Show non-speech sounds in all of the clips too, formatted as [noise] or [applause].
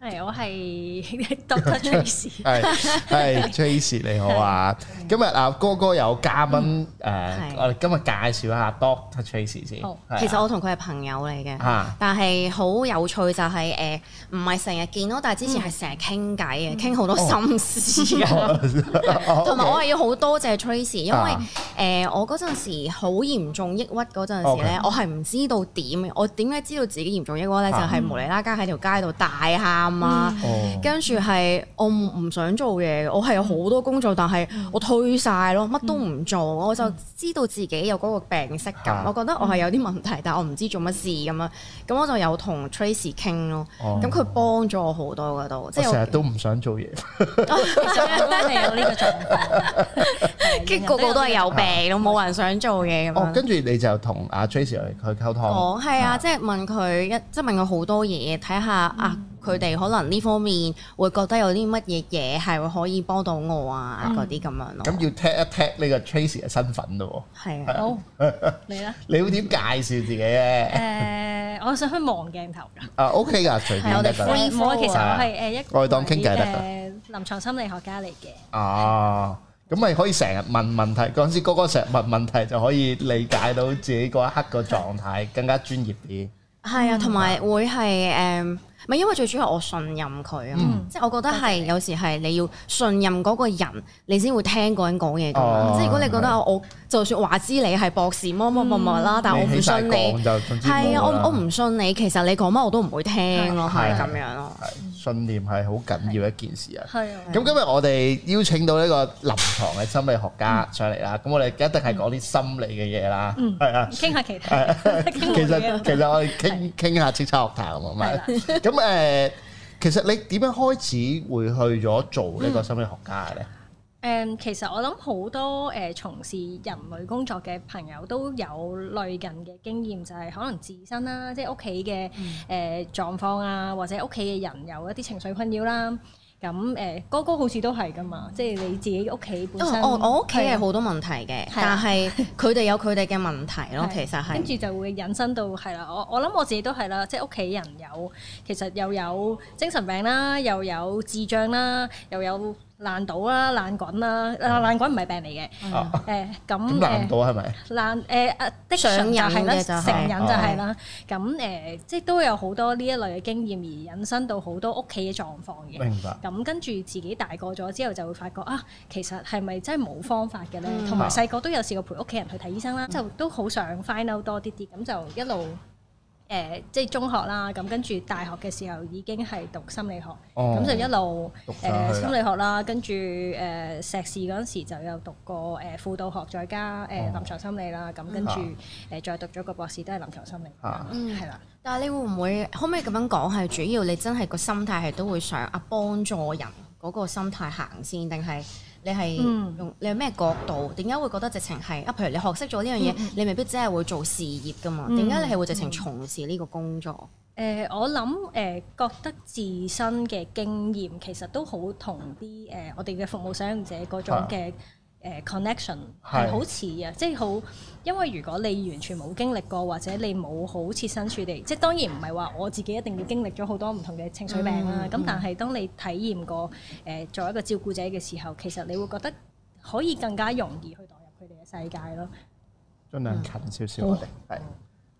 誒，我係 Dr Tracy，係係 Tracy 你好啊！今日啊，哥哥有嘉賓誒、嗯呃，我哋今日介紹下 Dr Tracy 先。啊、其實我同佢係朋友嚟嘅，啊、但係好有趣就係、是、誒，唔係成日見咯，但係之前係成日傾偈嘅，傾好、啊、多心事同、啊、埋、哦、我係要好多謝 Tracy，因為誒、啊啊呃、我嗰陣時好嚴重抑鬱嗰陣時咧、okay，我係唔知道點，我點解知道自己嚴重抑鬱咧？啊、就係無厘啦更喺條街度大喊。跟住係我唔想做嘢，我係有好多工作，但係我退晒咯，乜都唔做，我就知道自己有嗰個病識感，我覺得我係有啲問題，但我唔知做乜事咁樣，咁我就有同 Tracy 傾咯，咁佢幫咗我好多嗰度，即係成日都唔想做嘢，跟個個都係有病，冇人想做嘢咁樣。跟住你就同阿 Tracy 去去溝通，係啊，即係問佢一，即係問佢好多嘢，睇下啊。佢哋可能呢方面會覺得有啲乜嘢嘢係會可以幫到我啊嗰啲咁樣咯。咁要 test 一 test 呢個 Tracy 嘅身份咯。係啊，好，你咧？你會點介紹自己咧、啊？誒、呃，我想去望鏡頭㗎。啊，OK 㗎，隨便入去。 [laughs] 我哋 free flow 啊。其實我係誒一個誒臨牀心理學家嚟嘅。哦，咁咪可以成日、啊、問問題。嗰陣時歌歌成日問問題就可以理解到自己嗰一刻個狀態、啊、更加專業啲。係啊、嗯，同埋會係誒。嗯咪因為最主要我信任佢啊嘛，即係我覺得係有時係你要信任嗰個人，你先會聽嗰人講嘢噶嘛。即係如果你覺得我就算話知你係博士乜乜乜乜啦，但我唔信你，係啊，我我唔信你，其實你講乜我都唔會聽咯，係咁樣咯。信念係好緊要一件事啊。係啊。咁今日我哋邀請到呢個臨床嘅心理學家上嚟啦，咁我哋一定係講啲心理嘅嘢啦，係啊。傾下其他，其實其實我哋傾傾下叱咤樂壇啊嘛。係咁。咁其實你點樣開始會去咗做呢個心理學家嘅咧？誒、嗯，其實我諗好多誒，從事人類工作嘅朋友都有類近嘅經驗，就係、是、可能自身啦，即係屋企嘅誒狀況啊，或者屋企嘅人有一啲情緒困擾啦。咁誒、欸、哥哥好似都係㗎嘛，即係你自己屋企本身，哦、我我屋企係好多問題嘅，的但係佢哋有佢哋嘅問題咯，的其實係跟住就會引申到係啦，我我諗我自己都係啦，即係屋企人有其實又有精神病啦，又有智障啦，又有。爛賭啦，爛滾啦，爛滾唔係病嚟嘅。誒咁誒，爛到係咪？爛誒啊！上癮嘅就成、是、癮就係、是、啦。咁誒，即係都有好多呢一類嘅經驗，而引申到好多屋企嘅狀況嘅。明白。咁跟住自己大個咗之後，就會發覺啊，其實係咪真係冇方法嘅咧？同埋細個都有試過陪屋企人去睇醫生啦，嗯、就都好想 find out 多啲啲，咁就一路。誒、呃、即係中學啦，咁跟住大學嘅時候已經係讀心理學，咁就、哦、一路、呃、讀心理學啦。跟住誒、呃、碩士嗰陣時就有讀過誒輔導學，再加誒臨床心理啦。咁跟住誒再讀咗個博士都係臨床心理。啊、的嗯，係啦。但係你會唔會可唔可以咁樣講？係主要你真係個心態係都會想啊幫助人嗰個心態行先，定係？你係用你係咩角度？點解會覺得直情係啊？譬如你學識咗呢樣嘢，嗯、你未必只係會做事業㗎嘛？點解、嗯、你係會直情從事呢個工作？誒、嗯嗯呃，我諗誒、呃，覺得自身嘅經驗其實都好同啲誒，我哋嘅服務使用者嗰種嘅。誒、uh, connection 係好似啊，即係好，因為如果你完全冇經歷過，或者你冇好切身處地，即係當然唔係話我自己一定要經歷咗好多唔同嘅情緒病啦、啊。咁、嗯、但係當你體驗過誒作為一個照顧者嘅時候，其實你會覺得可以更加容易去代入佢哋嘅世界咯。盡量近少少，我哋係。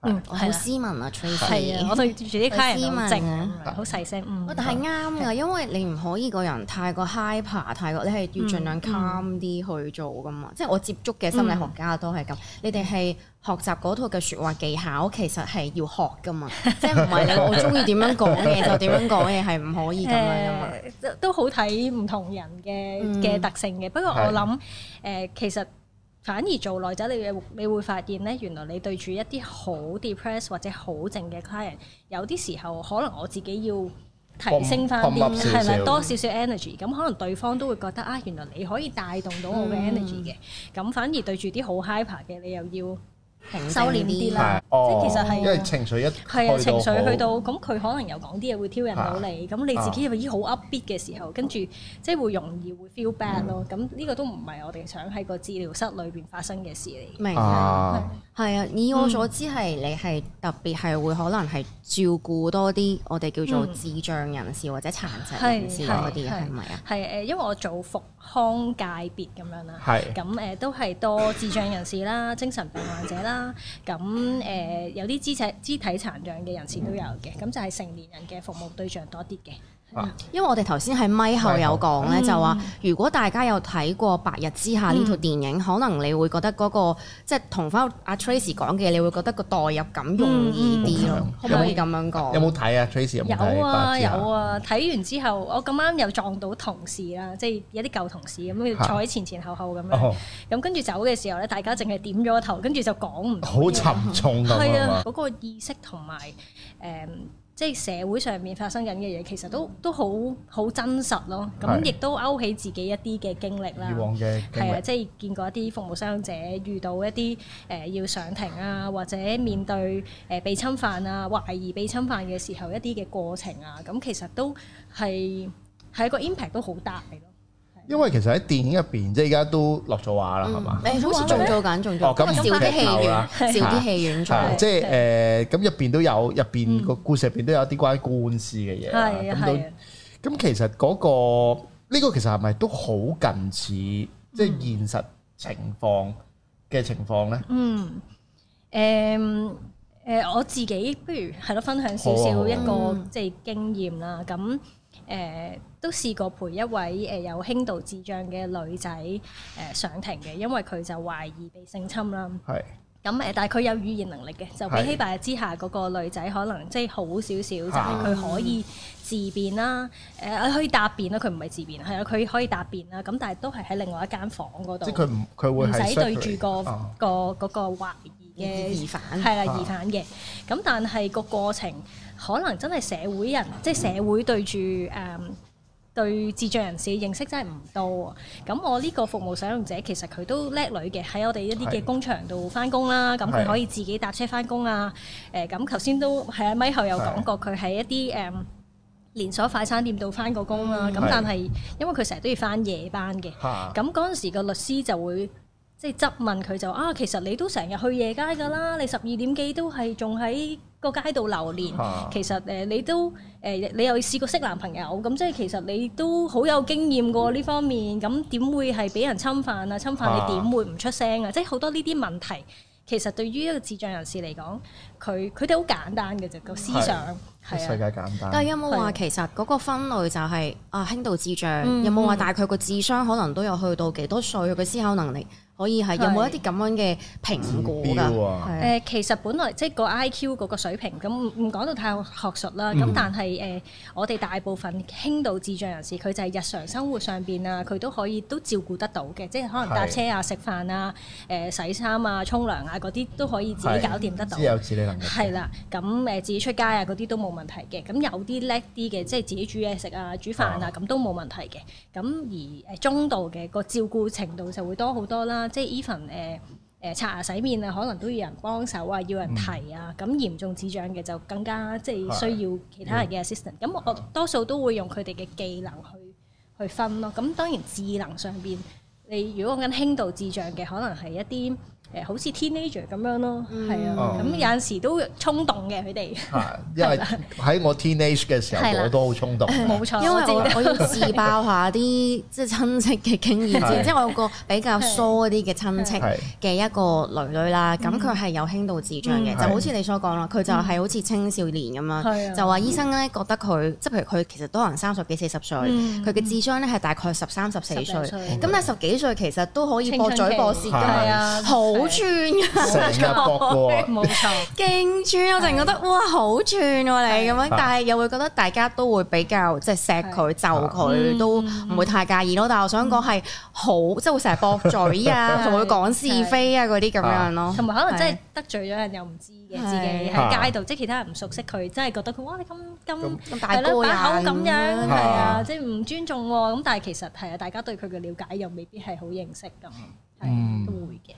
嗯，好斯文啊 Tracy。係啊，我對住呢啲客人好靜啊，好細聲。嗯，但係啱嘅，因為你唔可以個人太過 hyper，太過，你係要盡量 calm 啲去做噶嘛。即係我接觸嘅心理學家都係咁。你哋係學習嗰套嘅説話技巧，其實係要學噶嘛。即係唔係你我中意點樣講嘢，就點樣講嘢係唔可以咁樣啊嘛。都好睇唔同人嘅嘅特性嘅。不過我諗，誒其實。反而做耐咗，你會你會發現咧，原來你對住一啲好 depressed 或者好靜嘅 client，有啲時候可能我自己要提升翻啲，係咪多少少 energy？咁可能對方都會覺得啊，原來你可以帶動到我嘅 energy 嘅。咁反而對住啲好 hyper 嘅，你又要。收斂啲啦，即係其實係，因為情緒一係啊，情緒去到咁，佢可能又講啲嘢會挑釁到你，咁你自己又好 upbeat 嘅時候，跟住即係會容易會 feel bad 咯。咁呢個都唔係我哋想喺個治療室裏邊發生嘅事嚟。明係啊，以我所知係你係特別係會可能係照顧多啲我哋叫做智障人士或者殘疾人士啲，係咪啊？係誒，因為我做復康界別咁樣啦，咁誒都係多智障人士啦、精神病患者啦。咁誒、呃，有啲肢殘肢體殘障嘅人士都有嘅，咁就係成年人嘅服務對象多啲嘅。啊、因為我哋頭先喺咪後有講咧，嗯、就話如果大家有睇過《白日之下》呢套電影，嗯、可能你會覺得嗰、嗰個即係、就、同、是、返阿 Tracy 講嘅，你會覺得個代入感容易啲咯，可唔、嗯、可以咁是樣講？有冇睇啊 Tracy 有冇睇、啊？有啊有啊！睇完之後，我咁啱又撞到同事啦，即係有啲舊同事咁，要坐喺前前後後咁樣，咁跟住走嘅時候咧，大家淨係點咗個頭，跟住就講唔到。好沉重啊！係啊，嗰個意識同埋誒。嗯即係社會上面發生緊嘅嘢，其實都都好好真實咯。咁亦都勾起自己一啲嘅經歷啦。以往嘅經歷係啊，即係見過一啲服務使用者遇到一啲誒、呃、要上庭啊，或者面對誒、呃、被侵犯啊、懷疑被侵犯嘅時候一啲嘅過程啊，咁其實都係係一個 impact 都好大咯。因為其實喺電影入邊，即係而家都落咗畫啦，係嘛？誒，好似仲做緊，仲做哦，咁少啲戲院，少啲戲院，即係誒，咁入邊都有，入邊個故事入邊都有一啲關於官司嘅嘢啦。咁其實嗰個呢個其實係咪都好近似，即係現實情況嘅情況咧？嗯，誒誒，我自己不如係咯，分享少少一個即係經驗啦。咁。誒都試過陪一位誒有輕度智障嘅女仔誒上庭嘅，因為佢就懷疑被性侵啦。係是。咁誒，但係佢有語言能力嘅，是就比起白日之下嗰、那個女仔可能即係好少少，啊、就係佢可以自辯啦。誒、呃，可以答辯啦，佢唔係自辯，係啊，佢可以答辯啦。咁但係都係喺另外一間房嗰度。即係佢唔佢會唔使對住個、啊、個嗰個，個，個，個懷疑嘅疑犯係啦疑犯嘅，咁但係個過程。可能真係社會人，即係社會對住誒、嗯、對智障人士嘅認識真係唔多。咁我呢個服務使用者其實佢都叻女嘅，喺我哋一啲嘅工場度翻工啦。咁佢是可以自己搭車翻工啊。誒咁頭先都係阿咪後有講過，佢喺一啲誒連鎖快餐店度翻過工啦。咁是但係因為佢成日都要翻夜班嘅，咁嗰陣時個律師就會即係質問佢就啊，其實你都成日去夜街㗎啦，你十二點幾都係仲喺，個街道流連，啊、其實誒你都誒你又試過識男朋友，咁即係其實你都好有經驗過呢方面，咁點會係俾人侵犯啊？侵犯你點會唔出聲啊？即係好多呢啲問題，其實對於一個智障人士嚟講，佢佢哋好簡單嘅啫，嗯、個思想。世界簡單。但係有冇話其實嗰個分類就係、是、的啊輕度智障，有冇話大概個智商可能都有去到幾多歲？佢思考能力的可以係有冇一啲咁樣嘅評估㗎？誒、啊的呃，其實本來即係個 I.Q. 嗰個水平咁，唔講到太學術啦。咁、嗯、但係誒、呃，我哋大部分輕度智障人士，佢就係日常生活上邊啊，佢都可以都照顧得到嘅，即係可能搭車的啊、食飯啊、誒、呃、洗衫啊、沖涼啊嗰啲、啊、都可以自己搞掂得到。有自理能力。係啦，咁誒的的、嗯、自己出街啊嗰啲都冇問題嘅，咁有啲叻啲嘅，即係自己煮嘢食啊、煮飯啊，咁都冇問題嘅。咁而誒中度嘅個照顧程度就會多好多啦，即係 even 誒誒刷牙洗面啊，可能都要人幫手啊，要人提啊。咁嚴重智障嘅就更加即係需要其他人嘅 assistant。咁我多數都會用佢哋嘅技能去去分咯。咁當然智能上邊，你如果講緊輕度智障嘅，可能係一啲。誒好似 teenager 咁樣咯，係啊，咁有陣時都衝動嘅佢哋。係，因為喺我 teenage 嘅時候，我都好衝動，冇錯，因為我我要自爆下啲即係親戚嘅經驗。即係我有個比較疏啲嘅親戚嘅一個女女啦，咁佢係有輕度智障嘅，就好似你所講咯。佢就係好似青少年咁樣，就話醫生咧覺得佢即係譬如佢其實都可能三十幾四十歲，佢嘅智障咧係大概十三十四歲。咁但係十幾歲其實都可以駁嘴駁舌嘅，係啊，好串噶，成日駁過，冇錯，勁串。我淨覺得哇，好串喎你咁樣，但係又會覺得大家都會比較即係錫佢、就佢，都唔會太介意咯。但係我想講係好，即係會成日駁嘴啊，仲會講是非啊嗰啲咁樣咯。同埋可能真係得罪咗人又唔知嘅？自己喺街度，即係其他人唔熟悉佢，真係覺得佢哇，你咁咁係咯，把口咁樣係啊，即係唔尊重喎。咁但係其實係啊，大家對佢嘅瞭解又未必係好認識咁，係都會嘅。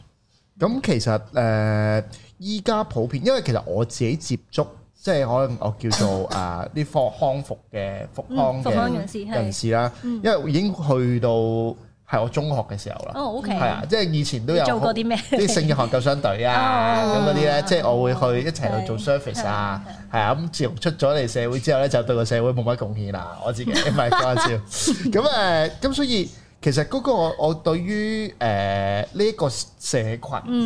咁其實誒，依家普遍，因為其實我自己接觸，即係可能我叫做啊啲復，復康復嘅、嗯、復康嘅人士啦，因為已經去到係我中學嘅時候啦。哦啊、okay，即係以前都有做過啲咩啲聖約翰救傷隊啊，咁嗰啲咧，即係我會去一齊去做 service 啊，係啊，咁自從出咗嚟社會之後咧，就對個社會冇乜貢獻啦，我自己唔係講笑。， [laughs] 咁誒，咁所以。其實嗰個我我對於誒呢、呃呢個社群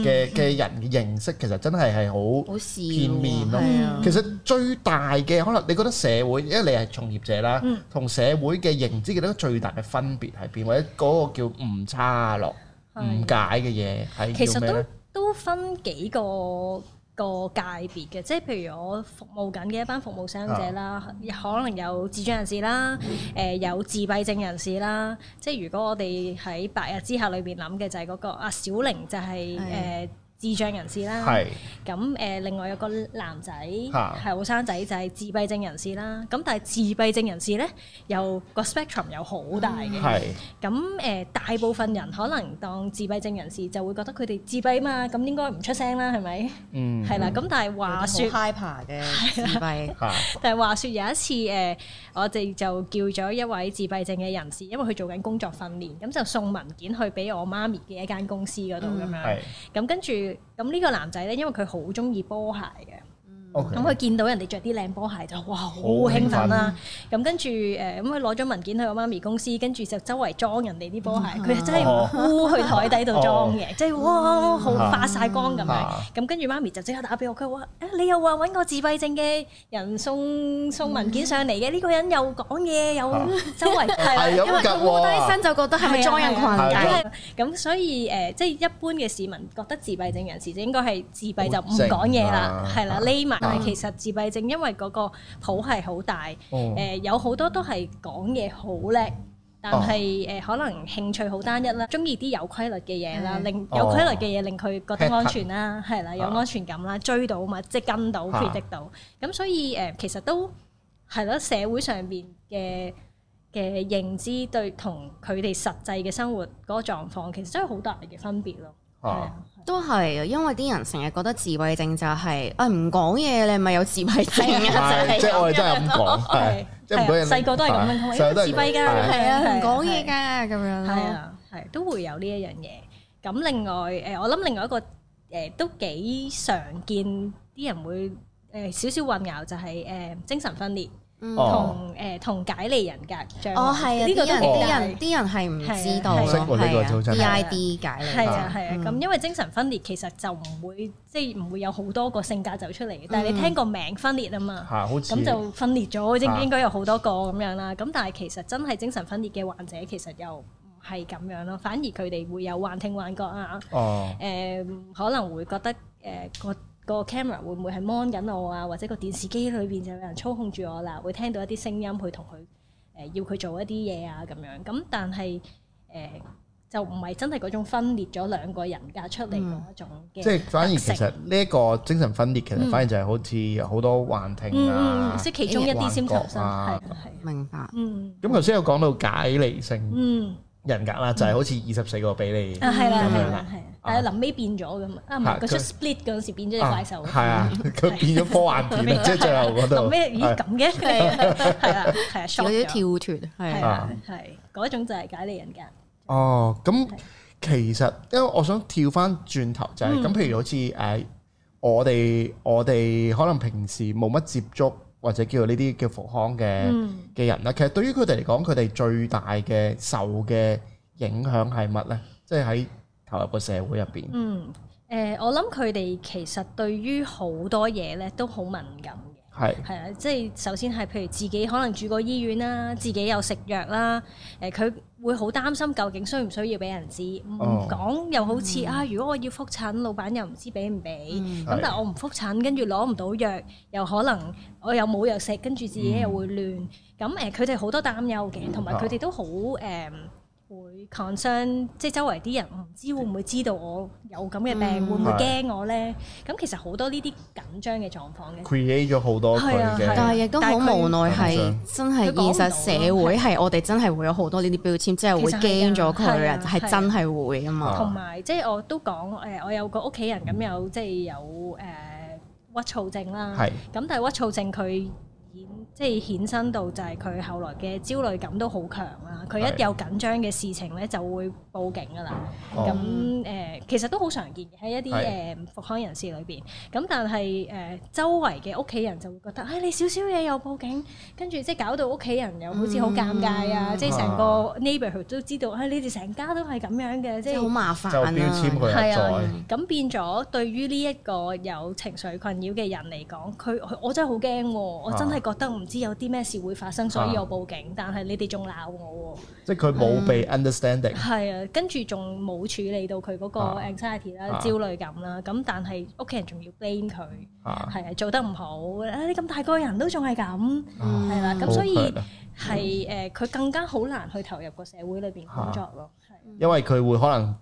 嘅嘅人嘅認識，其實真係係好片面咯。嗯、其實最大嘅可能，你覺得社會，因為你係從業者啦，同、嗯、社會嘅認知嘅咧最大嘅分別係邊，或者嗰個叫誤差咯、誤解嘅嘢，係叫咩呢？其實都都分幾個。個界別嘅，即係譬如我服務緊嘅一班服務使用者啦，啊、可能有智障人士啦，誒、嗯呃、有自閉症人士啦，即係如果我哋喺白日之下裏邊諗嘅就係嗰、那個啊小玲就係、是、誒。的智障人士啦，咁誒，另外有個男仔係後生仔，就係自閉症人士啦。咁但係自閉症人士咧，有個 spectrum 有好大嘅。咁誒，大部分人可能當自閉症人士就會覺得佢哋自閉嘛，咁應該唔出聲啦，係咪？嗯，係啦。咁但係話說，hyper 嘅自閉，但係話說有一次誒，我哋就叫咗一位自閉症嘅人士，因為佢做緊工作訓練，咁就送文件去俾我媽咪嘅一間公司嗰度咁樣，咁跟住。咁呢個男仔咧，因為佢好中意波鞋嘅。咁佢見到人哋着啲靚波鞋就哇好興奮啦！咁跟住誒，咁佢攞咗文件去我媽咪公司，跟住就周圍裝人哋啲波鞋。佢真係烏去台底度裝嘅，即係哇好發晒光咁樣。咁跟住媽咪就即刻打俾我，佢話：你又話揾個自閉症嘅人送送文件上嚟嘅？呢個人又講嘢又周圍，因為烏低身就覺得係咪裝人羣？咁所以誒，即係一般嘅市民覺得自閉症人士就應該係自閉就唔講嘢啦，係啦，匿埋。但係其實自閉症，因為嗰個譜係好大，誒、哦呃、有好多都係講嘢好叻，但係誒、哦、可能興趣好單一啦，中意啲有規律嘅嘢啦，哦、令有規律嘅嘢令佢覺得安全啦，係啦、呃，有安全感啦，追到嘛，即係跟到、啊、predict 到，咁所以誒、呃、其實都係咯，社會上邊嘅嘅認知對同佢哋實際嘅生活嗰個狀況，其實真係好大嘅分別咯。都係啊，因為啲人成日覺得自閉症就係啊唔講嘢，你係咪有自閉症啊，就係即係我真係咁講，係即細個都係咁樣，都係自閉噶，係啊，唔講嘢噶，咁樣係啊，係都會有呢一樣嘢。咁另外誒，我諗另外一個誒都幾常見，啲人會誒少少混淆就係誒精神分裂。嗯，同誒同解離人格，哦，係啊，呢個啲人啲人係唔知道，識過呢個組真係啊，DID 解離人格，係啊係啊，咁因為精神分裂其實就唔會即係唔會有好多個性格走出嚟嘅，但係你聽個名分裂啊嘛，係好似咁就分裂咗，即係應該有好多個咁樣啦。咁但係其實真係精神分裂嘅患者其實又唔係咁樣咯，反而佢哋會有幻聽幻覺啊，哦，誒可能會覺得誒個，個 camera 會唔會係 mon 緊我啊？或者個電視機裏邊就有人操控住我啦，啊，會聽到一啲聲音去同佢誒要佢做一啲嘢啊咁樣。咁但係誒、呃、就唔係真係嗰種分裂咗兩個人格出嚟嗰一種嘅、嗯。即係反而其實呢一個精神分裂其實反而就係好似好多幻聽、啊、嗯，即係其中一啲先產生係明白。嗯。咁頭先有講到解離性嗯。嗯嗯嗯嗯人格啦，就係好似二十四個比利咁樣啦，係啊，但係臨尾變咗咁啊，唔係嗰出 Split 嗰時變咗隻怪獸，係啊，佢變咗科幻片，即係最後覺得，做咩？咦咁嘅？係啦，係啊，嗰啲跳脫係啊，係嗰種就係解離人格。哦，咁其實因為我想跳翻轉頭，就係咁，譬如好似誒我哋我哋可能平時冇乜接觸。或者叫呢啲叫復康嘅嘅人啦，嗯、其實對於佢哋嚟講，佢哋最大嘅受嘅影響係乜呢？即係喺投入個社會入邊。嗯，誒、呃，我諗佢哋其實對於好多嘢咧，都好敏感。係係啊，即係首先係，譬如自己可能住過醫院啦，自己有食藥啦，誒、呃、佢會好擔心究竟需唔需要俾人知？唔講、oh. 又好似、mm. 啊，如果我要復診，老闆又唔知俾唔俾，咁、mm. 但係我唔復診，跟住攞唔到藥，又可能我又冇藥食，跟住自己又會亂，咁誒佢哋好多擔憂嘅，同埋佢哋都好誒。Um, 會 concern，即係周圍啲人唔知會唔會知道我有咁嘅病，會唔會驚我咧？咁其實好多呢啲緊張嘅狀況嘅。Create 咗好多佢嘅，但係亦都好無奈，係真係現實社會係我哋真係會有好多呢啲標籤，即係會驚咗佢啊，係真係會啊嘛。同埋即係我都講誒，我有個屋企人咁有即係有誒鬱躁症啦，咁但係鬱躁症佢。即係衍生到就係佢後來嘅焦慮感都好強啦。佢一有緊張嘅事情咧就會報警㗎啦。咁誒的、呃、其實都好常見嘅喺一啲誒復康人士裏邊。咁但係誒、呃、周圍嘅屋企人就會覺得，唉、哎、你少少嘢又報警，跟住即係搞到屋企人又好似好尷尬、嗯、啊！即係成個 neighbour 都知道，唉、哎、你哋成家都係咁樣嘅，即係好麻煩啊。就標籤佢啊，再咁變咗對於呢一個有情緒困擾嘅人嚟講，佢我真係好驚喎！我真係覺得。 [music] 唔知有啲咩事會發生，所以我報警。但係你哋仲鬧我喎。即係佢冇被 understanding。係啊，跟住仲冇處理到佢嗰個 anxiety 啦、焦慮感啦。咁但係屋企人仲要 blame 佢，係做得唔好。啊，你咁大個人都仲係咁，係啦。咁所以係誒，佢更加好難去投入個社會裏邊工作咯。因為佢會可能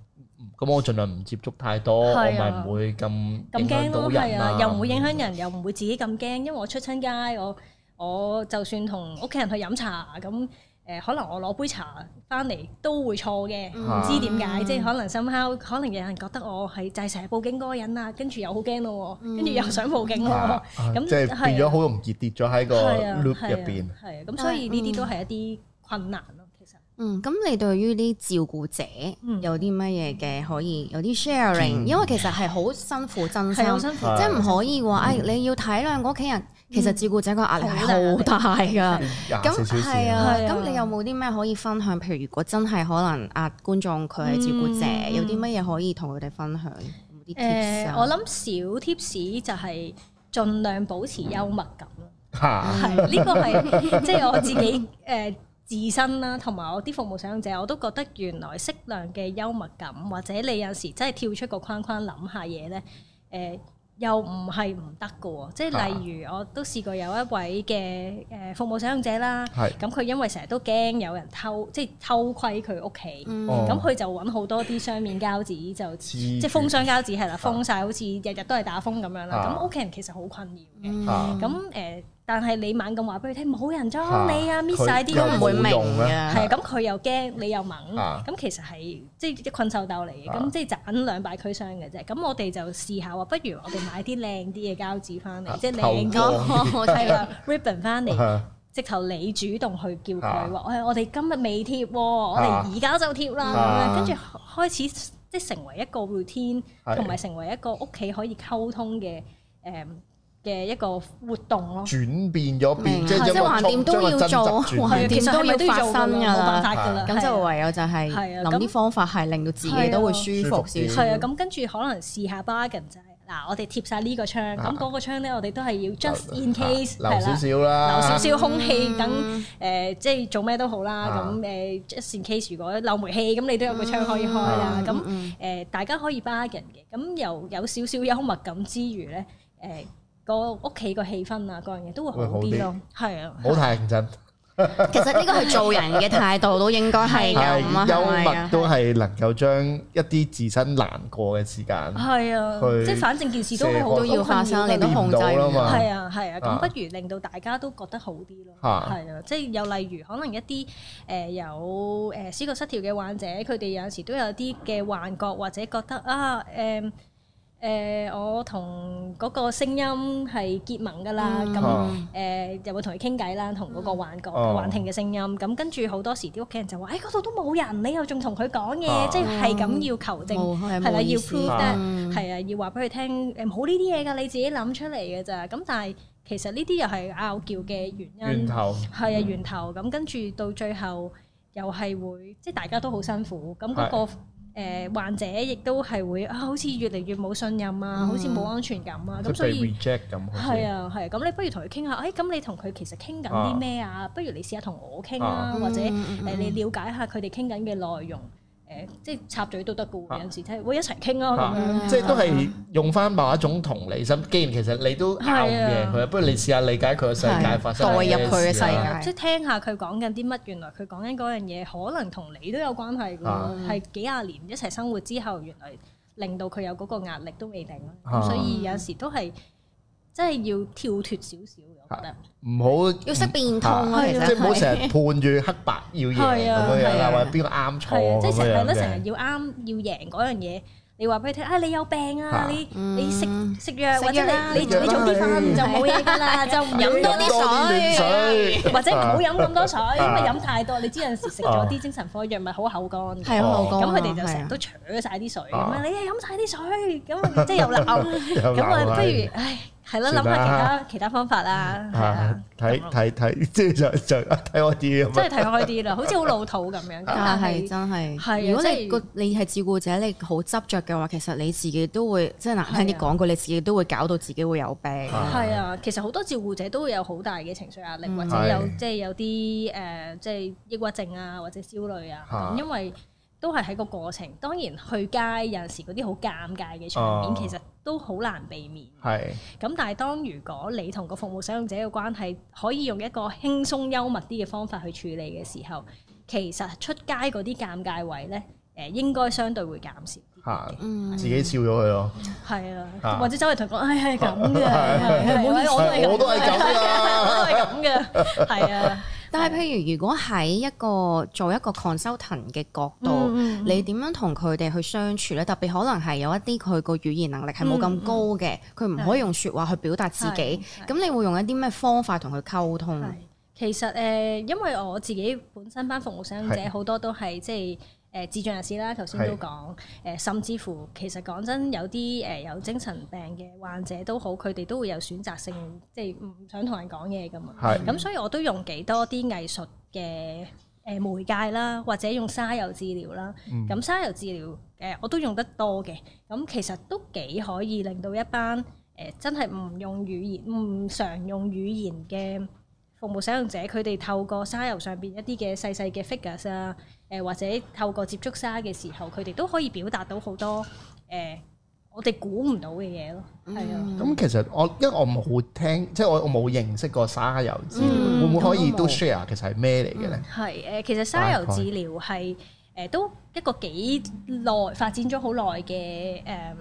咁，我盡量唔接觸太多，我咪唔會咁驚咯。係啊，又唔會影響人，又唔會自己咁驚，因為我出親街我。我就算同屋企人去飲茶，咁誒可能我攞杯茶翻嚟都會錯嘅，唔知點解，即係可能 somehow，可能有人覺得我係就係成日報警個人啊，跟住又好驚咯，跟住又想報警咯，咁、啊啊嗯、即係變咗好容易跌咗喺個 loop 入邊，係啊，咁所以呢啲都係一啲困難。嗯，咁你對於啲照顧者有啲乜嘢嘅可以有啲 sharing？因為其實係好辛苦，真辛苦，即係唔可以話，哎，你要體諒我屋企人。其實照顧者個壓力係好大噶，咁係啊。咁你有冇啲咩可以分享？譬如如果真係可能啊，觀眾佢係照顧者，有啲乜嘢可以同佢哋分享？誒，我諗小貼士就係盡量保持幽默感咯。係呢個係即係我自己誒。自身啦，同埋我啲服務使用者，我都覺得原來適量嘅幽默感，或者你有時真係跳出個框框諗下嘢呢，誒、呃、又唔係唔得嘅喎。即係例如，我都試過有一位嘅誒服務使用者啦，咁佢、啊嗯啊、因為成日都驚有人偷，即係偷窺佢屋企，咁佢就揾好多啲雙面膠紙就，即係封箱膠紙係啦，封晒好似日日都係打風咁樣啦。咁屋企人其實好困擾嘅，咁、啊、誒。啊啊啊啊但係你猛咁話俾佢聽，冇人裝你啊，miss 晒啲都唔會明啊。係啊，咁佢又驚，你又猛，咁其實係即係啲困獸鬥嚟嘅，咁即係盞兩敗俱傷嘅啫。咁我哋就試下話，不如我哋買啲靚啲嘅膠紙翻嚟，即係靚個係啊 ribbon 翻嚟，直頭你主動去叫佢話：，我哋今日未貼，我哋而家就貼啦。咁樣跟住開始即係成為一個 routine，同埋成為一個屋企可以溝通嘅誒。嘅一個活動咯，轉變咗變，即係即係橫掂都要做，橫掂都要發生㗎啦，冇辦法㗎啦，咁就唯有就係諗啲方法係令到自己都會舒服少少。係啊，咁跟住可能試下 bargain 就係嗱，我哋貼晒呢個窗，咁嗰個窗咧，我哋都係要 just in case 係啦，留少少啦，留少少空氣，等誒即係做咩都好啦，咁誒 in case 如果漏煤氣，咁你都有個窗可以開啦，咁誒大家可以 bargain 嘅，咁又有少少幽默感之餘咧，誒。個屋企個氣氛啊，嗰樣嘢都會好啲咯，係啊，好太認真。其實呢個係做人嘅態度都應該係咁啊，幽默都係能夠將一啲自身難過嘅時間，係啊，即係反正件事都係好多要發生，你都控制唔到啦嘛，係啊，係啊，咁不如令到大家都覺得好啲咯，係啊，啊，即係又例如可能一啲誒、呃、有誒思覺失調嘅患者，佢哋有時都有啲嘅幻覺，或者覺得啊誒。嗯誒、呃，我同嗰個聲音係結盟㗎啦，咁誒、uh, 嗯啊、又會同佢傾偈啦，同嗰個幻覺、幻、uh, 聽嘅聲音。咁跟住好多時啲屋企人就話：誒、哎，嗰度都冇人，你又仲同佢講嘢，uh, 即係咁要求證，係啦，yes, 要 prove 得，係、uh, 啊，要話俾佢聽，誒，冇呢啲嘢㗎，你自己諗出嚟嘅咋。咁但係其實呢啲又係拗撬嘅原因，係啊，源頭。咁跟住到最後又係會，即係大家都好辛苦。咁嗰誒、呃、患者亦都係會啊，好似越嚟越冇信任啊，好似冇安全感啊，咁、嗯、所以係被 reject 啊係，咁、啊啊、你不如同佢傾下，誒咁、哎、你同佢其實傾緊啲咩啊？啊，不如你試下同我傾啊，啊或者誒你了解下佢哋傾緊嘅內容。即係插嘴都得嘅喎，有時睇，會一齊傾囉！即係都係用翻某一種同理心。既然其實你都喊嘅佢，不如你試下理解佢嘅世界發生代入佢嘅世界，即係聽下佢講緊啲乜。原來佢講緊嗰樣嘢，可能同你都有關係嘅喎。係幾廿年一齊生活之後，原來令到佢有嗰個壓力都未定咯。咁所以有時都係真係要跳脫少少。唔好要識變通咯，即係唔好成日判住黑白要贏咁樣啊，或者邊個啱錯？即係成日都成日要啱要贏嗰樣嘢。你話俾佢聽啊，你有病啊，你你食食藥，或者你你早啲瞓就冇嘢嘅啦，就唔飲多啲水，或者唔好飲咁多水，因為飲太多，你知陣時食咗啲精神科藥咪好口乾嘅。係啊，口乾，咁佢哋就成日都搶曬啲水咁樣，你飲曬啲水咁即係又鬧咁啊，不如唉～係咯，諗下其他其他方法啦。睇睇睇，即係就就睇開啲啊嘛。係睇開啲啦，好似好老土咁樣。但係真係。如果你個你係照顧者，你好執着嘅話，其實你自己都會，即係難聽啲講過，你自己都會搞到自己會有病。係啊，其實好多照顧者都會有好大嘅情緒壓力，或者有即係有啲誒，即係抑鬱症啊，或者焦慮啊。咁因為都係喺個過程，當然去街有陣時嗰啲好尷尬嘅場面，其實。都好難避免。係是。咁但係當如果你同個服務使用者嘅關係可以用一個輕鬆幽默啲嘅方法去處理嘅時候，其實出街嗰啲尷尬位呢，誒應該相對會減少。行，自己笑咗佢咯。係啊，或者周圍同講，唉，係咁嘅，係係，我都係咁我都係咁嘅，係啊。但係，譬如如果喺一個做一個 consultant 嘅角度，你點樣同佢哋去相處咧？特別可能係有一啲佢個語言能力係冇咁高嘅，佢唔可以用説話去表達自己，咁你會用一啲咩方法同佢溝通？其實誒，因為我自己本身班服務使用者好多都係即係誒智障人士啦。頭先都講誒，甚至乎其實講真有啲誒有精神病嘅患者都好，佢哋都會有選擇性即係唔想同人講嘢㗎嘛。係咁，所以我都用幾多啲藝術嘅誒媒介啦，或者用沙遊治療啦。咁沙遊治療誒我都用得多嘅，咁其實都幾可以令到一班誒真係唔用語言、唔常用語言嘅。服務使用者佢哋透過沙遊上面一啲嘅細細嘅 figures 啊，誒或者透過接觸沙嘅時候，佢哋都可以表達到好多誒我哋估唔到嘅嘢咯，係啊。咁其實我因為我冇聽，即係我我冇認識過沙遊治療，會唔會可以都 share 其實係咩嚟嘅咧？係誒，其實沙遊治療係誒都一個幾耐發展咗好耐嘅誒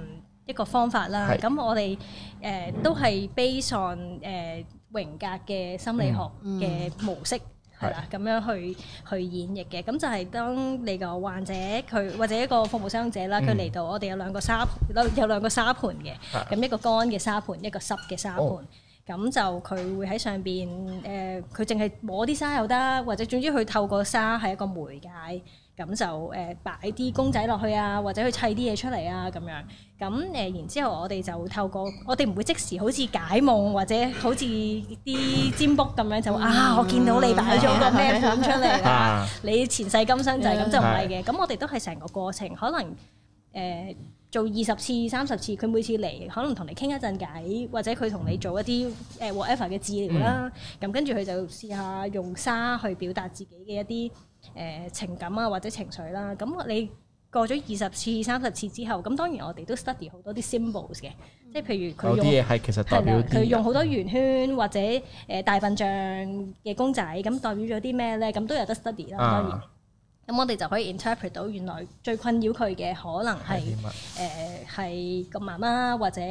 一個方法啦。咁我哋誒都係 based on 誒。榮格嘅心理學嘅模式係啦，咁、嗯嗯、樣去去演繹嘅，咁就係當你個患者佢或者一個服務商者啦，佢嚟、嗯、到我哋有兩個沙有兩個沙盤嘅，咁、嗯、一個乾嘅沙盤，一個濕嘅沙盤，咁、哦、就佢會喺上邊誒，佢淨係摸啲沙又得，或者總之佢透過沙係一個媒介。咁就誒擺啲公仔落去啊，或者去砌啲嘢出嚟啊，咁樣。咁誒，然之後我哋就透過， [noise] 我哋唔會即時好似解夢或者好似啲占卜咁樣，嗯、就啊，我見到你擺咗個咩盤出嚟啦。嗯嗯嗯、你前世今生就係咁，嗯、就唔係嘅。咁、嗯、我哋都係成個過程，可能誒、呃、做二十次、三十次，佢每次嚟可能同你傾一陣偈，或者佢同你做一啲誒 whatever 嘅治療啦。咁、嗯嗯、跟住佢就試下用沙去表達自己嘅一啲。誒、呃、情感啊，或者情緒啦、啊，咁、嗯、你過咗二十次、三十次之後，咁、嗯、當然我哋都 study 好多啲 symbols 嘅，即係譬如佢用，係啦，佢用好多圓圈或者誒、呃、大笨象嘅公仔，咁代表咗啲咩咧？咁都有得 study 啦，當、嗯、然。咁、嗯嗯嗯嗯、我哋就可以 interpret 到原來最困擾佢嘅可能係誒係個媽媽或者。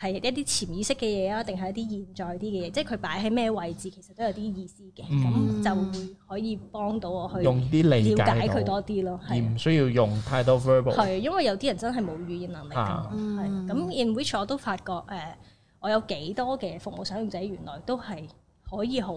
係一啲潛意識嘅嘢啊，定係一啲現在啲嘅嘢，即係佢擺喺咩位置，其實都有啲意思嘅，咁、嗯、就會可以幫到我去用啲了解佢多啲咯。係，唔、啊、需要用太多 verbal。係，因為有啲人真係冇語言能力嘅，係咁。In which 我都發覺誒、呃，我有幾多嘅服務使用者原來都係可以好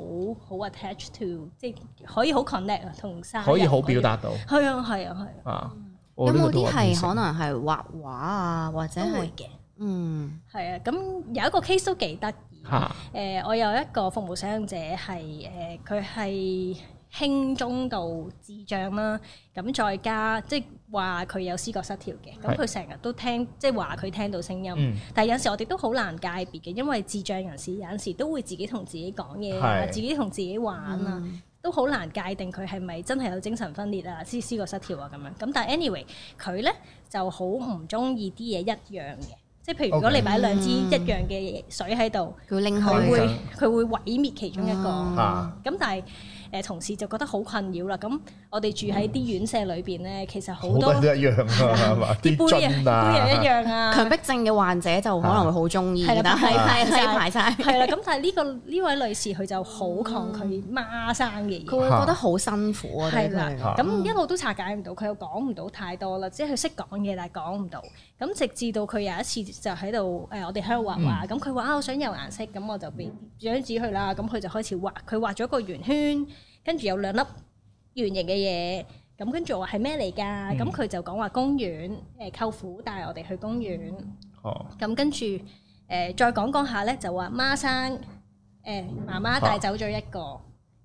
好 attach to，即係可以好 connect 同生可以好表達到。係啊，係啊，係啊。有啲係可能係畫畫啊，或者係嘅？嗯，係啊，咁有一個 case 都幾得意。誒、啊呃，我有一個服務使用者係誒，佢、呃、係輕中度智障啦。咁、嗯、再加即係話佢有思覺失調嘅。咁佢成日都聽，即係話佢聽到聲音。嗯、但係有時我哋都好難界別嘅，因為智障人士有陣時都會自己同自己講嘢是自己同自己玩、嗯、啊，都好難界定佢係咪真係有精神分裂啊、思思覺失調啊咁樣。咁但係 anyway，佢咧就好唔中意啲嘢一樣嘅。即係譬如，如果你擺兩支一樣嘅水喺度，佢、嗯、會佢會佢會毀滅其中一個。嚇、嗯！咁但係誒同事就覺得好困擾啦咁。我哋住喺啲院舍裏邊咧，其實好多都一樣啊，啲杯啊，一樣啊。強迫症嘅患者就可能會好中意，排曬，排晒。係啦，咁但係呢個呢位女士佢就好抗拒孖生嘅嘢，佢會覺得好辛苦啊。係啦，咁一路都拆解唔到，佢又講唔到太多啦，即係佢識講嘢，但係講唔到。咁直至到佢有一次就喺度誒，我哋喺度畫畫，咁佢話我想有顏色，咁我就俾張紙佢啦，咁佢就開始畫，佢畫咗個圓圈，跟住有兩粒。圓形嘅嘢，咁跟住話係咩嚟㗎？咁佢、嗯、就講話公園，誒舅父帶我哋去公園，哦，咁跟住誒再講講下咧，就話媽生誒媽媽帶走咗一個。哦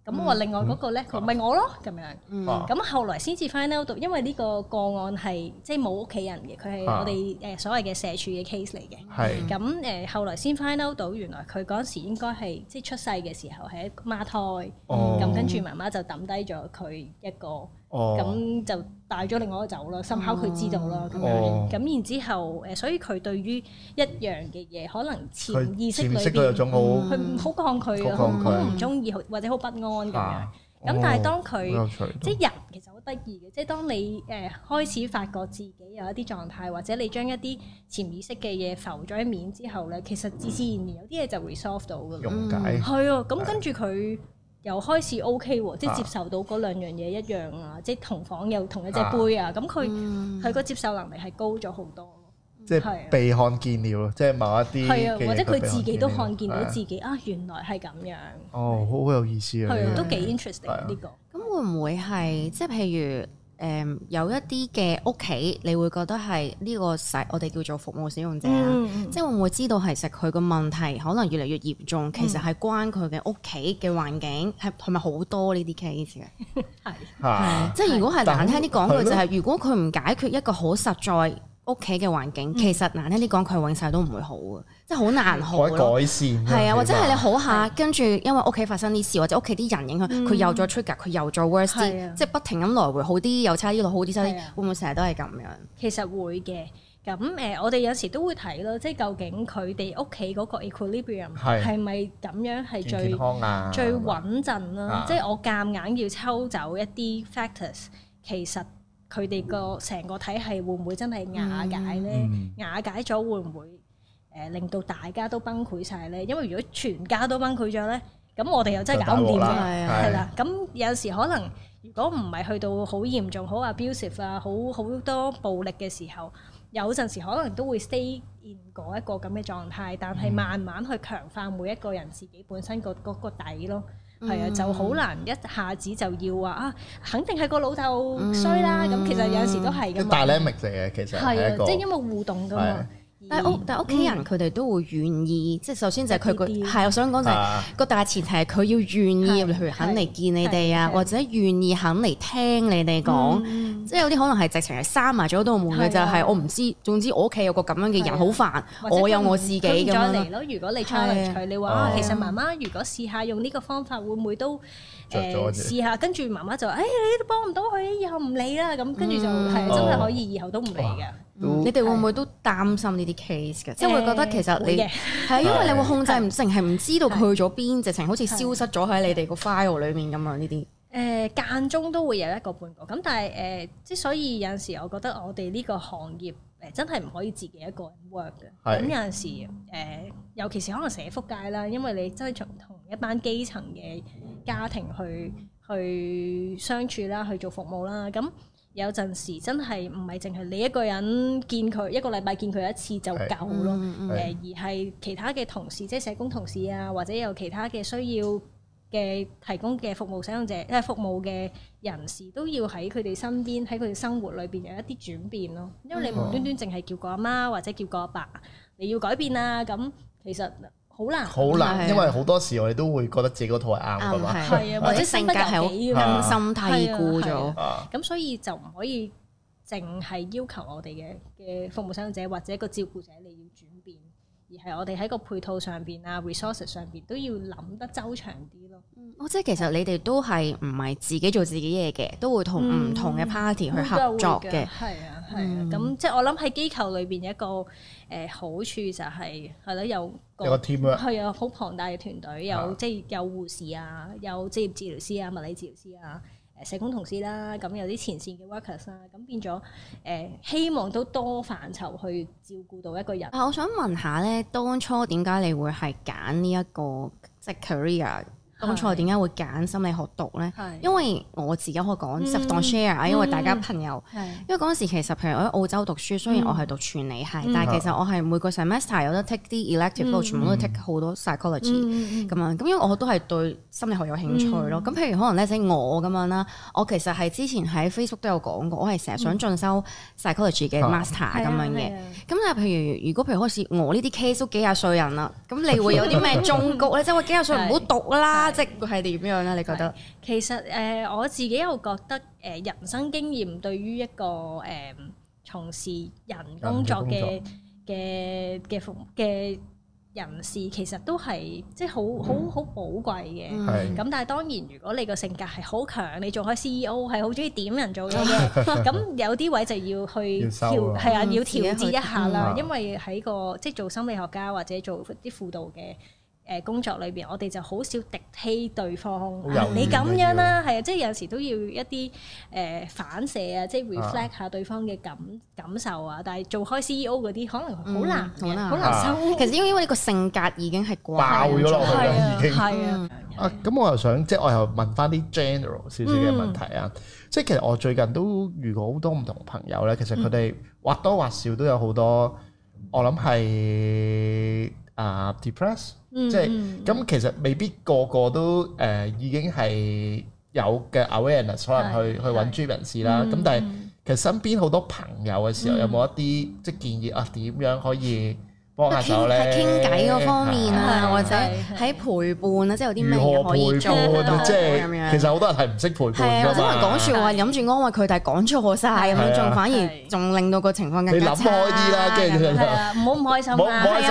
咁我、嗯、另外嗰個咧，佢咪、啊、我咯咁樣。咁、啊嗯啊、後來先至 find out 到，因為呢個個案係即係冇屋企人嘅，佢係我哋誒所謂嘅社署嘅 case 嚟嘅。咁誒、啊呃、後來先 find out 到，原來佢嗰時應該係即係出世嘅時候係一個孖胎，咁跟住媽媽就抌低咗佢一個。咁就帶咗另外一個走啦，深刻佢知道啦，咁咁然之後，誒，所以佢對於一樣嘅嘢，可能潛意識裏邊，佢好抗拒啊，好唔中意，或者好不安咁樣。咁但係當佢，即係人其實好得意嘅，即係當你誒開始發覺自己有一啲狀態，或者你將一啲潛意識嘅嘢浮咗喺面之後咧，其實自自然然有啲嘢就會 resolve 到噶啦，係啊，咁跟住佢。又開始 OK 喎，即係接受到嗰兩樣嘢一樣啊，即係同房又同一隻杯啊，咁佢佢個接受能力係高咗好多，即係被看見了，即係某一啲，係啊，或者佢自己都看見到自己啊，原來係咁樣。哦，好有意思啊，係啊，都幾 interesting 呢個，咁會唔會係即係譬如？誒、嗯、有一啲嘅屋企，你會覺得係呢、這個使我哋叫做服務使用者、嗯、即係會唔會知道其實佢個問題可能越嚟越嚴重，其實係關佢嘅屋企嘅環境，係係咪好多呢啲 case 嘅？係係，即係如果係難聽啲講句是就係，如果佢唔解決一個好實在。屋企嘅環境其實難聽啲講，佢永世都唔會好嘅，即係好難好。改改善。係啊，或者係你好下，跟住因為屋企發生啲事，或者屋企啲人影響，佢又再 trigger，佢又再 worse 啲，即係不停咁來回好啲又差啲，落好啲差啲，會唔會成日都係咁樣？其實會嘅。咁誒，我哋有時都會睇咯，即係究竟佢哋屋企嗰個 equilibrium 係咪咁樣係最最穩陣啦？即係我夾硬要抽走一啲 factors，其實。佢哋個成個體系會唔會真係瓦解呢？嗯嗯、瓦解咗會唔會、呃、令到大家都崩潰晒呢？因為如果全家都崩潰咗呢，咁我哋又真係搞唔掂啊！係啦，咁的的有時可能如果唔係去到好嚴重，好 abusive 啊、好好多暴力嘅時候，有陣時可能都會 stay 喺嗰一個咁嘅狀態，但係慢慢去強化每一個人自己本身個嗰個底咯。嗯嗯係啊，就好難一下子就要話啊，肯定係個老豆衰啦。咁、嗯、其實有陣時都係咁。大咧咪嚟嘅，其實係啊，即係、就是、因為互動噶嘛。但屋但屋企人佢哋都會願意，即係首先就係佢個，係我想講就個大前提係佢要願意去肯嚟見你哋啊，或者願意肯嚟聽你哋講。即係有啲可能係直情係閂埋咗度門嘅，就係我唔知。總之我屋企有個咁樣嘅人好煩，我有我自己咁再嚟咯，如果你唱嚟唱去，你話其實媽媽如果試下用呢個方法，會唔會都？嗯、試下，跟住媽媽就話：誒、哎，你都幫唔到佢，以後唔理啦。咁跟住就係、嗯、真係可以，以後都唔理嘅。你哋會唔會都擔心呢啲 case 嘅？嗯、的即係會覺得其實你係、嗯、因為你會控制唔成，係唔的知道佢去咗邊，直情好似消失咗喺你哋個 file 裏面咁啊？呢啲誒間中都會有一個半個咁，但係即之所以有陣時，我覺得我哋呢個行業誒真係唔可以自己一個人 work 嘅。咁的的有陣時誒，尤其是可能寫覆介啦，因為你真係從同一班基層嘅。家庭去去相處啦，去做服務啦。咁有陣時真係唔係淨係你一個人見佢 [music] 一個禮拜見佢一次就夠咯。誒， [music] 而係其他嘅同事，即係社工同事啊，或者有其他嘅需要嘅提供嘅服務使用者，即係服務嘅人士，都要喺佢哋身邊，喺佢哋生活裏邊有一啲轉變咯。因為你無端端淨係叫個阿媽或者叫個阿爸，爸，你要改變啊！咁其實～好難，因為好多時我哋都會覺得自己嗰套係啱嘅嘛，或者性格係好根深蒂固咗，咁所以就唔可以淨係要求我哋嘅嘅服務生者或者個照顧者你要轉變，而係我哋喺個配套上邊啊 resources 上邊都要諗得周詳啲咯。哦、嗯，即係其實你哋都係唔係自己做自己嘢嘅，都會同唔同嘅 party、嗯、去合作嘅，係啊、嗯。係啊，咁、嗯、即係我諗喺機構裏邊一個誒、呃、好處就係係咯，有個 team 啊，係啊，好龐大嘅團隊，有即係有護士啊，有職業治療師啊，物理治療師啊，誒社工同事啦、啊，咁有啲前線嘅 workers 啦，咁變咗誒、呃、希望都多範疇去照顧到一個人。我想問下咧，當初點解你會係揀呢一個即係 career？當初點解會揀心理學讀咧？因為我自己可以講，適當 share 啊，因為大家朋友，因為嗰陣時其實譬如我喺澳洲讀書，雖然我係讀傳理系，但係其實我係每個 semester 有得 take 啲 elective，我全部都 take 好多 psychology 咁樣。咁因為我都係對心理學有興趣咯。咁譬如可能咧，即係我咁樣啦，我其實係之前喺 Facebook 都有講過，我係成日想進修 psychology 嘅 master 咁樣嘅。咁但係，譬如如果譬如開始我呢啲 case 都幾廿歲人啦，咁你會有啲咩忠告咧？即係我幾廿歲唔好讀啦。價值係點樣咧？你覺得其實誒，我自己又覺得誒，人生經驗對於一個誒從事人工作嘅嘅嘅服嘅人士，其實都係即係好好好寶貴嘅。咁但係當然，如果你個性格係好強，你做開 CEO 係好鍾意點人做嘢，咁有啲位就要去調係啊，要調節一下啦。因為喺個即係做心理學家或者做啲輔導嘅。誒工作裏邊，我哋就好少敵氣對方，你咁樣啦，係啊，即係有時都要一啲誒反射啊，即係 reflect 下對方嘅感感受啊。但係做開 CEO 嗰啲，可能好難嘅，好難收。其實因為因為個性格已經係爆咗啦，係啊。啊，咁我又想即係我又問翻啲 general 少少嘅問題啊。即係其實我最近都遇過好多唔同朋友咧，其實佢哋或多或少都有好多，我諗係。啊、uh，depress，mm hmm. 即係，咁，其實未必個個都誒、呃、已經係有嘅 awareness，可能去是是去揾專業人士啦。咁、嗯、但係其實身邊好多朋友嘅時候有有，有冇一啲即係建議啊？點樣可以？幫下手咧，傾偈嗰方面啊，或者喺陪伴啊，即係有啲咩可以做咧。即係其實好多人係唔識陪伴或者可能即係講説話，諗住安慰佢但係，講錯晒，咁樣，仲反而仲令到個情況更加。你諗開啲啦，跟住你聽講。唔好唔開心啦，唔開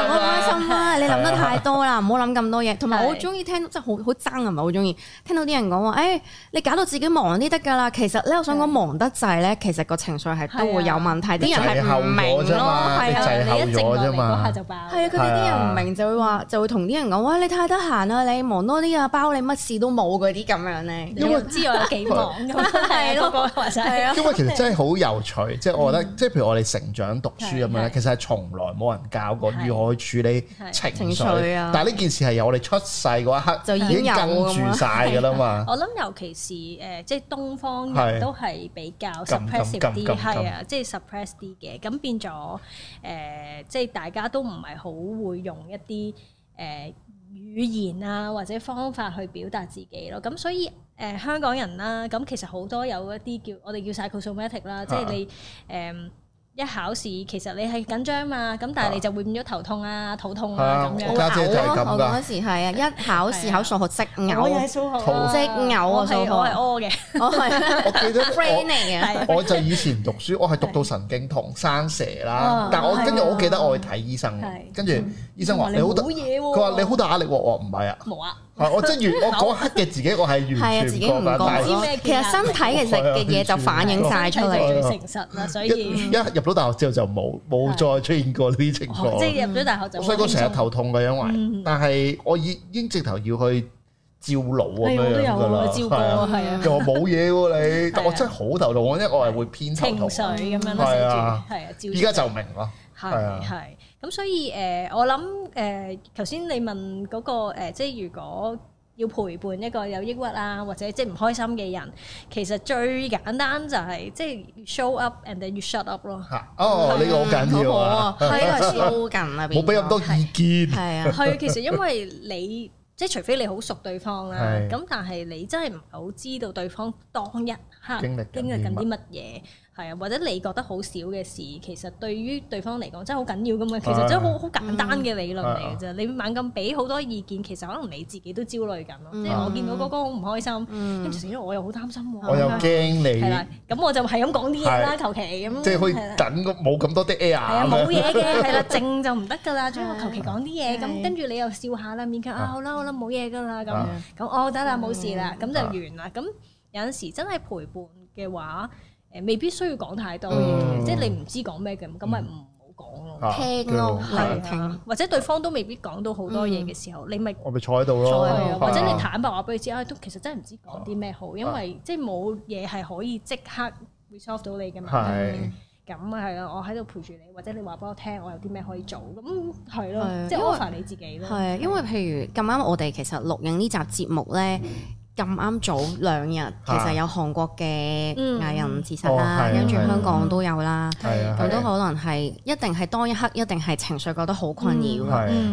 心啦，你諗得太多啦，唔好諗咁多嘢。同埋我中意聽即係好好爭啊，唔係好中意聽到啲人講話。誒，你搞到自己忙啲得㗎啦。其實咧，我想講忙得滯咧，其實個情緒係都會有問題。啲人係唔明咯，係啊，你一靜咗啫嘛。就係啊！佢哋啲人唔明，就會話就會同啲人講：哇！你太得閒啊，你忙多啲啊，包你乜事都冇嗰啲咁樣咧。因為知我有幾忙㗎，係咯講話，就因為其實真係好有趣，即係我覺得，即係譬如我哋成長讀書咁樣咧，其實係從來冇人教過如何去處理情緒。啊！但係呢件事係由我哋出世嗰一刻就已經跟住晒㗎啦嘛。我諗尤其是誒，即係東方都係比較 suppress 啲，係啊，即係 suppress 啲嘅。咁變咗誒，即係大家都。都唔係好會用一啲誒、呃、語言啊或者方法去表達自己咯，咁所以誒、呃、香港人啦、啊，咁其實好多有一啲叫我哋叫 psychosomatic 啦，啊、即係你誒。呃一考試其實你係緊張嘛，咁但係你就會變咗頭痛啊、肚痛啊咁樣，我家姐就係咁講。我嗰時係啊，一考試考數學即嘔，即嘔啊數學係屙嘅，我係。我記得我我就以前讀書，我係讀到神經痛生蛇啦，但係我跟住我記得我去睇醫生，跟住醫生話你好得，佢話你好大壓力喎，我話唔係啊，冇啊，我真完，我嗰刻嘅自己我係完全唔覺得，其實身體其實嘅嘢就反映曬出嚟。最誠實啦，所以一入。入咗大學之後就冇冇再出現過呢啲情況，哦、即係入咗大學就，嗯、所以我成日頭痛嘅，因為、嗯、但係我已已經直頭要去照腦咁、哎、有嘅啦，照過係啊，又話冇嘢喎你，但我真係好頭痛，因為我係會偏頭痛，情緒咁樣咯，係啊，係啊，依家就明咯，係啊，係咁所以誒，我諗誒，頭、呃、先你問嗰、嗰個誒、呃，即係如果。要陪伴一個有抑鬱啊，或者即係唔開心嘅人，其實最簡單就係即係 show up and then you shut up 咯。哦，呢、呢個好簡單喎，喺個 show 近俾咁多意見。係 [laughs] 啊，係其實因為你即係除非你好熟對方啦、啊，咁、 [laughs] 啊、但係你真係唔好知道對方當一刻經歷緊啲乜嘢。係啊，或者你覺得好少嘅事，其實對於對方嚟講真係好緊要咁嘛。其實真係好好簡單嘅理論嚟嘅啫。你猛咁俾好多意見，其實可能你自己都焦慮緊咯。即係我見到歌歌好唔開心，跟住成日我又好擔心喎。我又驚你。係啦，咁我就係咁講啲嘢啦，求其咁。即係可以緊冇咁多的 air。係啊，冇嘢嘅，係啦，靜就唔得㗎啦。所以我求其講啲嘢，咁跟住你又笑下啦，勉強啊，好啦好啦，冇嘢㗎啦咁。咁我得啦冇事啦，咁就完啦。咁有陣時真係陪伴嘅話，未必需要講太多嘢，即係你唔知講咩嘅咁，咁咪唔好講咯，聽咯，係啊，或者對方都未必講到好多嘢嘅時候，你咪我咪坐喺度咯，或者你坦白話俾佢知都其實真係唔知講啲咩好，因為即係冇嘢係可以即刻 resolve 到你嘅嘛，咁啊係啊，我喺度陪住你，或者你話俾我聽，我有啲咩可以做，咁係咯，即係 offer 你自己咯。係，因為譬如咁啱，我哋其實錄影呢集節目咧。咁啱早兩日，其實有韓國嘅藝人自殺啦，跟住香港都有啦，咁都可能係一定係當一刻，一定係情緒覺得好困擾。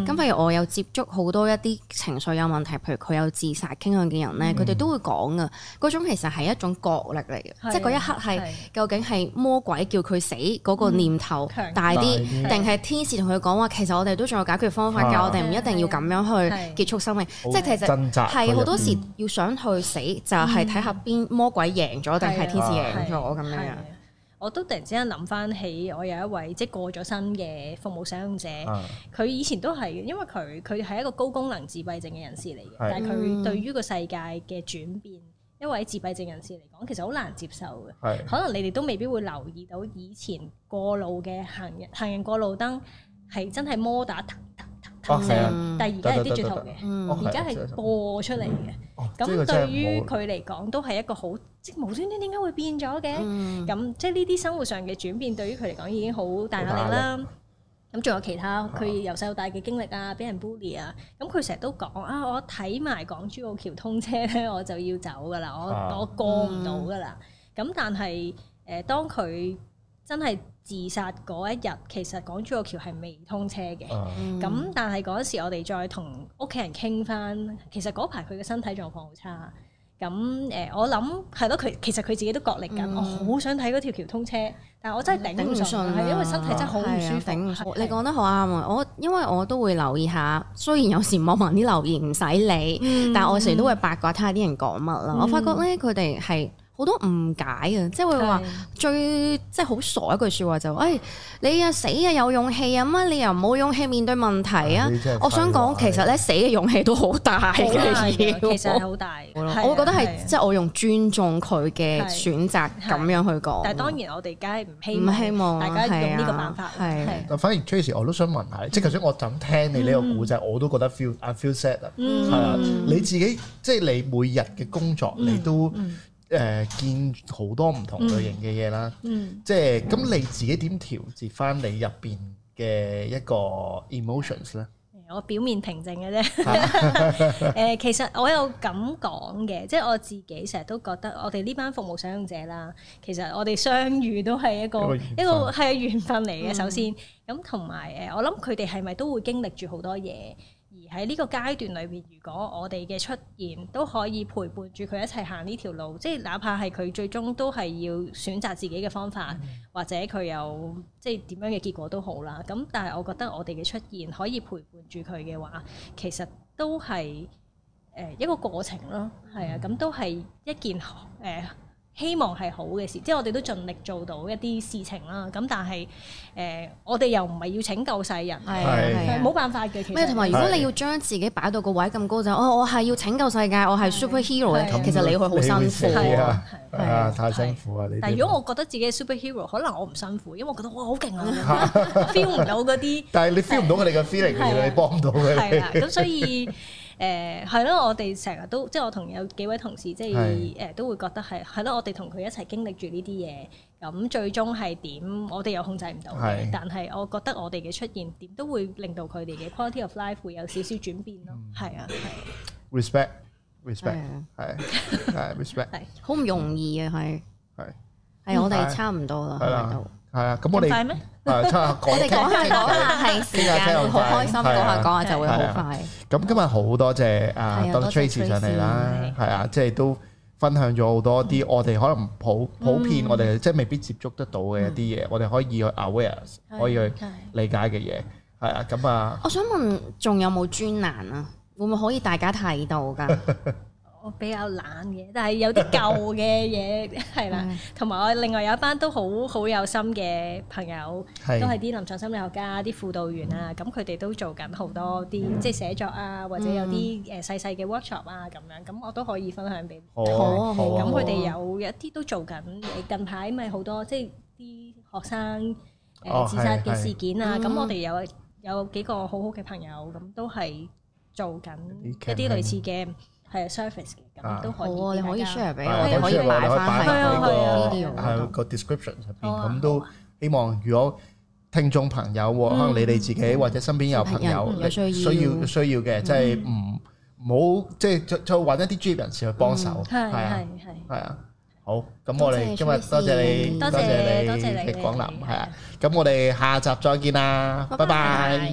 咁譬如我有接觸好多一啲情緒有問題，譬如佢有自殺傾向嘅人咧，佢哋都會講嘅，嗰種其實係一種角力嚟嘅，即係嗰一刻係究竟係魔鬼叫佢死嗰個念頭大啲，定係天使同佢講話，其實我哋都仲有解決方法㗎，我哋唔一定要咁樣去結束生命。即係其實係好多時要想。去死就係睇下邊魔鬼贏咗定係天使贏咗咁樣，我都突然之間諗翻起我有一位即係過咗身嘅服務使用者，佢、啊、以前都係因為佢佢係一個高功能自閉症嘅人士嚟嘅，的但係佢對於個世界嘅轉變，一位的自閉症人士嚟講，其實好難接受嘅，的可能你哋都未必會留意到以前過路嘅行人，行人過路燈係真係摩打騰。哦嗯、但聲，而家係啲住頭嘅，而家係播出嚟嘅。咁、嗯、對於佢嚟講，都係一個好即係無端端點解會變咗嘅？咁即係呢啲生活上嘅轉變，對於佢嚟講已經好大壓力啦。咁仲有其他佢、啊、由細到大嘅經歷啊，俾人 bully 啊。咁佢成日都講啊，我睇埋港珠澳橋通車咧，我就要走噶啦，我、啊、我過唔到噶啦。咁、啊嗯、但係誒、呃，當佢。真係自殺嗰一日，其實港珠澳橋係未通車嘅。咁、嗯、但係嗰時我哋再同屋企人傾翻，其實嗰排佢嘅身體狀況好差。咁誒、呃，我諗係咯，佢其實佢自己都角力㗎。嗯、我好想睇嗰條橋通車，但係我真係頂唔順。頂唔順係因為身體真係好唔舒服。頂唔順。你講得好啱啊！的我因為我都會留意下，雖然有時網民啲留言唔使理，嗯、但係我成日都會八卦睇下啲人講乜啦。嗯、我發覺咧，佢哋係。好多誤解啊！即係會話最即係好傻一句說話就誒，你啊死啊有勇氣啊？乜你又冇勇氣面對問題啊？我想講其實咧死嘅勇氣都好大嘅，其實係好大。我會覺得係即係我用尊重佢嘅選擇咁樣去講。但係當然我哋梗係唔希望大家用呢個辦法。係，反正 Tracy 我都想問下，即係就算我就咁聽你呢個古仔，我都覺得 feel I feel sad。係啊，你自己即係你每日嘅工作，你都。誒、呃、見好多唔同類型嘅嘢啦，嗯、即係咁你自己點調節翻你入邊嘅一個 emotions 咧？我表面平靜嘅啫、啊，誒、 [laughs] 呃、其實我有咁講嘅，即係我自己成日都覺得我哋呢班服務使用者啦，其實我哋相遇都係一個一個係緣分嚟嘅。首先咁同埋誒，我諗佢哋係咪都會經歷住好多嘢？喺呢個階段裏面，如果我哋嘅出現都可以陪伴住佢一齊行呢條路，即係哪怕係佢最終都係要選擇自己嘅方法，或者佢有即係點樣嘅結果都好啦。咁但係我覺得我哋嘅出現可以陪伴住佢嘅話，其實都係誒一個過程咯。係啊，咁都係一件誒，呃希望係好嘅事，即係我哋都盡力做到一啲事情啦。咁但係誒，我哋又唔係要拯救世人，係冇辦法嘅。咩？同埋如果你要將自己擺到個位咁高就，哦，我係要拯救世界，我係 superhero。其實你會好辛苦，係啊，太辛苦啊！但係如果我覺得自己係 superhero，可能我唔辛苦，因為我覺得哇好勁啊，feel 唔到嗰啲。但係你 feel 唔到佢哋嘅 feeling，你幫唔到佢哋。係啊，咁所以。誒係咯，我哋成日都即係我同有幾位同事即係誒的都會覺得係係咯，我哋同佢一齊經歷住呢啲嘢，咁最終係點？我哋又控制唔到嘅。的但係我覺得我哋嘅出現點都會令到佢哋嘅 quality of life 會有少少轉變咯。係啊、嗯，係。Respect，respect，係係 respect，係好唔容易啊！係係係，我哋差唔多啦，喺度。Yeah. 係啊，咁我哋啊，我哋講下講下係時間，好開心，講下講下就會好快。咁今日好多謝啊 Dr Tracy 上嚟啦，係啊，即係都分享咗好多啲我哋可能普普遍我哋即係未必接觸得到嘅一啲嘢，我哋可以去 aware，可以去理解嘅嘢，係啊，咁啊。我想問，仲有冇專欄啊？會唔會可以大家睇到㗎？我比較懶嘅，但係有啲舊嘅嘢係啦。同埋我另外有一班都好好有心嘅朋友，都係啲臨床心理學家、啲輔導員啊。咁佢哋都做緊好多啲即係寫作啊，或者有啲誒細細嘅 workshop 啊咁樣。咁我都可以分享俾佢。咁佢哋有一啲都做緊。近排咪好多即係啲學生誒自殺嘅事件啊。咁我哋有有幾個好好嘅朋友，咁都係做緊一啲類似嘅。係 service 咁都可以，係啊，你可以 share 俾，你可以擺翻嚟，係啊，係啊，喺個 description 入邊咁都希望，如果聽眾朋友可能你哋自己或者身邊有朋友需要需要嘅，即係唔好即係就就揾一啲專業人士去幫手，係啊係啊係啊，好，咁我哋今日多謝你，多謝你，多謝你嘅光臨，係啊，咁我哋下集再見啦，拜拜。